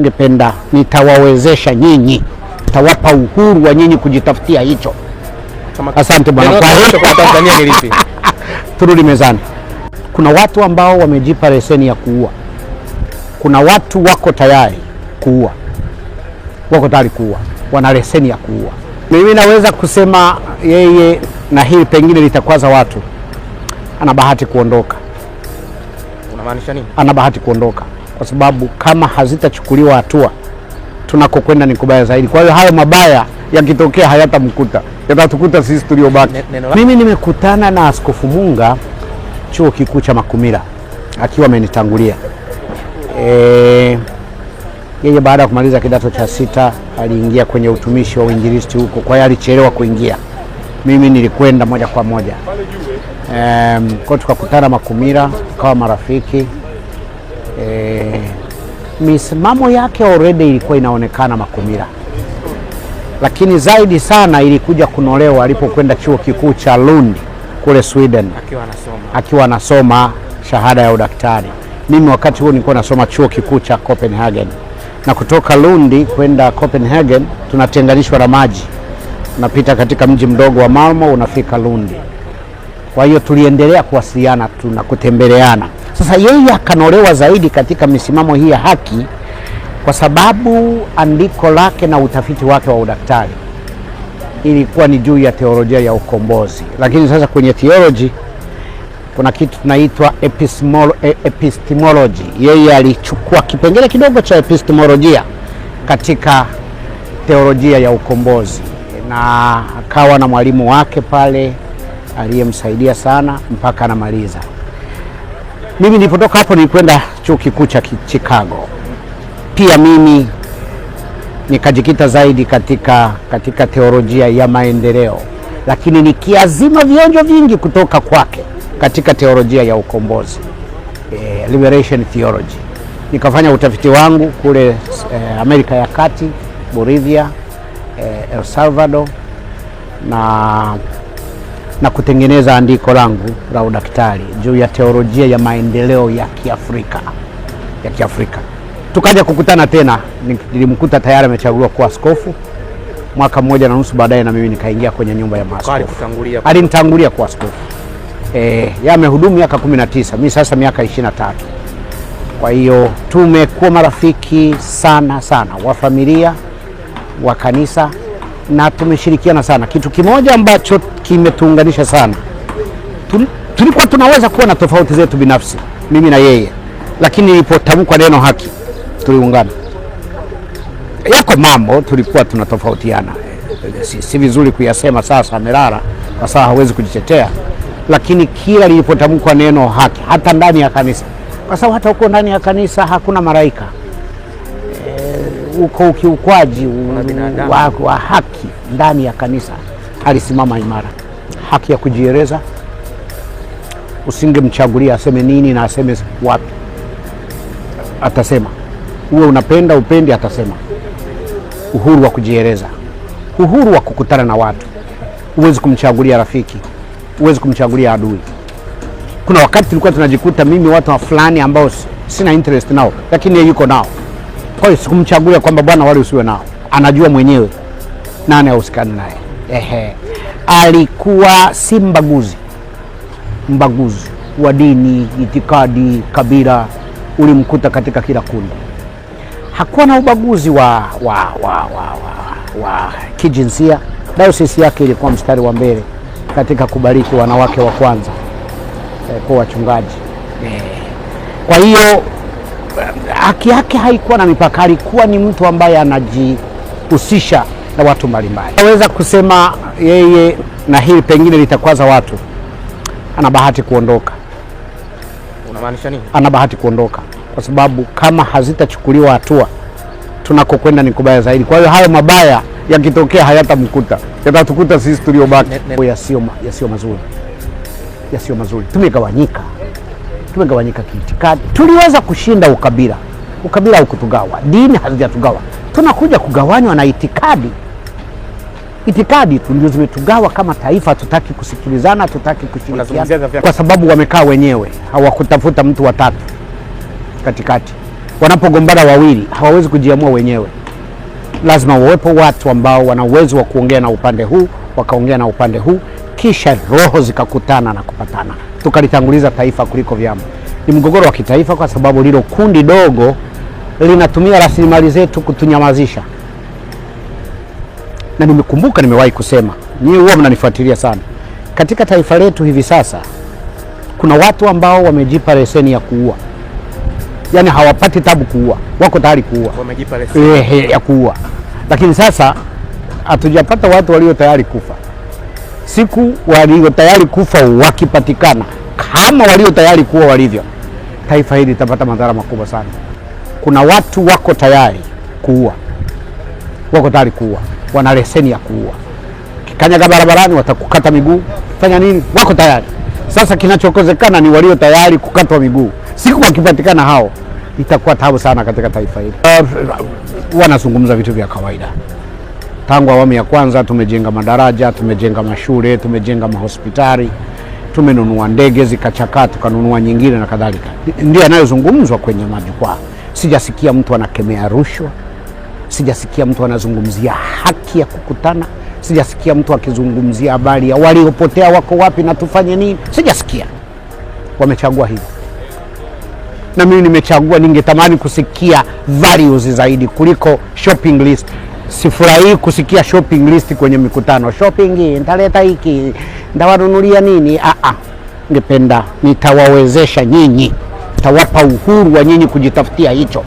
tungependa, nitawawezesha nyinyi, tawapa uhuru wa nyinyi kujitafutia hicho. Asante bwana. Kwa Tanzania ni lipi? Turudi mezani. Kuna watu ambao wamejipa leseni ya kuua, kuna watu wako tayari kuua, wako tayari kuua, wana leseni ya kuua. Mimi naweza kusema yeye, na hili pengine litakwaza watu, ana bahati kuondoka. Unamaanisha nini? Ana bahati kuondoka kwa sababu kama hazitachukuliwa hatua tunakokwenda ni kubaya zaidi. Kwa hiyo hayo mabaya yakitokea hayatamkuta, yatatukuta sisi tuliobaki. Mimi nimekutana na Askofu Munga chuo kikuu cha Makumira akiwa amenitangulia e, yeye baada ya kumaliza kidato cha sita aliingia kwenye utumishi wa uinjilisti huko, kwa hiyo alichelewa kuingia, mimi nilikwenda moja kwa moja e, kwa tukakutana Makumira tukawa marafiki e, misimamo yake already ilikuwa inaonekana Makumira, lakini zaidi sana ilikuja kunolewa alipokwenda chuo kikuu cha Lund kule Sweden akiwa anasoma shahada ya udaktari. Mimi wakati huo nilikuwa nasoma chuo kikuu cha Copenhagen, na kutoka Lund kwenda Copenhagen tunatenganishwa na maji, unapita katika mji mdogo wa Malmo unafika Lund. Kwa hiyo tuliendelea kuwasiliana, na kutembeleana sasa yeye akanolewa zaidi katika misimamo hii ya haki kwa sababu andiko lake na utafiti wake wa udaktari ilikuwa ni juu ya teolojia ya ukombozi. Lakini sasa kwenye theology kuna kitu tunaitwa e, epistemology. Yeye alichukua kipengele kidogo cha epistemolojia katika teolojia ya ukombozi, na akawa na mwalimu wake pale aliyemsaidia sana mpaka anamaliza. Mimi nilipotoka hapo nilikwenda chuo kikuu cha Chicago. Pia mimi nikajikita zaidi katika, katika teolojia ya maendeleo, lakini nikiazima vionjo vingi kutoka kwake katika teolojia ya ukombozi eh, liberation theology. Nikafanya utafiti wangu kule eh, Amerika ya Kati, Bolivia, eh, El Salvador na na kutengeneza andiko langu la udaktari juu ya teolojia ya maendeleo ya Kiafrika ya Kiafrika. Tukaja kukutana tena, nilimkuta tayari amechaguliwa kuwa askofu mwaka mmoja na nusu baadaye, na mimi nikaingia kwenye nyumba ya maaskofu. Alinitangulia kuwa askofu eh, yeye miaka 19, mimi sasa miaka 23. Kwa hiyo tumekuwa marafiki sana sana, wa familia wa kanisa na tumeshirikiana sana. Kitu kimoja ambacho kimetuunganisha sana, tulikuwa tunaweza kuwa na tofauti zetu binafsi, mimi na yeye, lakini ilipotamkwa neno haki tuliungana. Yako mambo tulikuwa tunatofautiana, si, si vizuri kuyasema sasa amelala kwa sababu hawezi kujitetea, lakini kila lilipotamkwa neno haki, hata ndani ya kanisa, kwa sababu hata huko ndani ya kanisa hakuna maraika uko ukiukwaji wa, wa haki ndani ya kanisa, alisimama imara. Haki ya kujieleza, usingemchagulia aseme nini na aseme wapi, atasema. Uwe unapenda upendi, atasema. Uhuru wa kujieleza, uhuru wa kukutana na watu. Huwezi kumchagulia rafiki, huwezi kumchagulia adui. Kuna wakati tulikuwa tunajikuta mimi watu wa fulani ambao sina interest nao, lakini yuko nao kwa sikumchagulia kwamba bwana wale usiwe nao, anajua mwenyewe nani ahusikani naye. Ehe, alikuwa si mbaguzi, mbaguzi wa dini, itikadi, kabila, ulimkuta katika kila kundi. Hakuwa na ubaguzi wa, wa, wa, wa, wa, wa kijinsia. Dayosisi yake ilikuwa mstari wa mbele katika kubariki wanawake wa kwanza eh, kwa wachungaji eh. Kwa hiyo haki yake haikuwa na mipaka, alikuwa ni mtu ambaye anajihusisha na watu mbalimbali. Naweza kusema yeye, na hili pengine litakwaza watu, ana bahati kuondoka. Unamaanisha nini? Ana bahati kuondoka kwa sababu kama hazitachukuliwa hatua, tunakokwenda ni kubaya zaidi. Kwa hiyo hayo mabaya yakitokea hayatamkuta, yatatukuta sisi tuliobaki. Yasiyo yasiyo mazuri, yasiyo mazuri. Tumegawanyika, tumegawanyika kiitikadi. Tuliweza kushinda ukabila. Ukabila haukutugawa, dini hazijatugawa, tunakuja kugawanywa na itikadi. Itikadi tu ndio zimetugawa kama taifa. Tutaki kusikilizana, tutaki kushirikiana, kwa sababu wamekaa wenyewe, hawakutafuta mtu watatu katikati. Wanapogombana wawili, hawawezi kujiamua wenyewe, lazima wawepo watu ambao wana uwezo wa kuongea na upande huu wakaongea na upande huu, kisha roho zikakutana na kupatana, tukalitanguliza taifa kuliko vyama. Ni mgogoro wa kitaifa, kwa sababu lilo kundi dogo linatumia rasilimali zetu kutunyamazisha, na nimekumbuka, nimewahi kusema, nyie huwa mnanifuatilia sana, katika taifa letu hivi sasa kuna watu ambao wamejipa leseni ya kuua, yaani hawapati tabu kuua, wako tayari kuua, wamejipa leseni ehe, ya kuua. Lakini sasa hatujapata watu walio tayari kufa. Siku walio tayari kufa wakipatikana kama walio tayari kuwa walivyo, taifa hili litapata madhara makubwa sana kuna watu wako tayari kuua, wako tayari kuua, wana leseni ya kuua. Kikanyaga barabarani watakukata miguu, fanya nini, wako tayari. Sasa kinachokozekana ni walio tayari kukatwa miguu. Siku wakipatikana hao, itakuwa tabu sana katika taifa hili. Ah, wanazungumza vitu vya kawaida. Tangu awamu ya kwanza tumejenga madaraja, tumejenga mashule, tumejenga mahospitali, tumenunua ndege zikachakaa, tukanunua nyingine na kadhalika, ndio yanayozungumzwa kwenye majukwaa. Sijasikia mtu anakemea rushwa, sijasikia mtu anazungumzia haki ya kukutana, sijasikia mtu akizungumzia habari ya waliopotea wako wapi na tufanye nini. Sijasikia wamechagua hivyo, na mimi nimechagua. Ningetamani kusikia values zaidi kuliko shopping list. Sifurahii kusikia shopping list kwenye mikutano, shopping nitaleta hiki, ndawanunulia nini. Ah, ah, ningependa nitawawezesha nyinyi tawapa uhuru wa nyinyi kujitafutia hicho.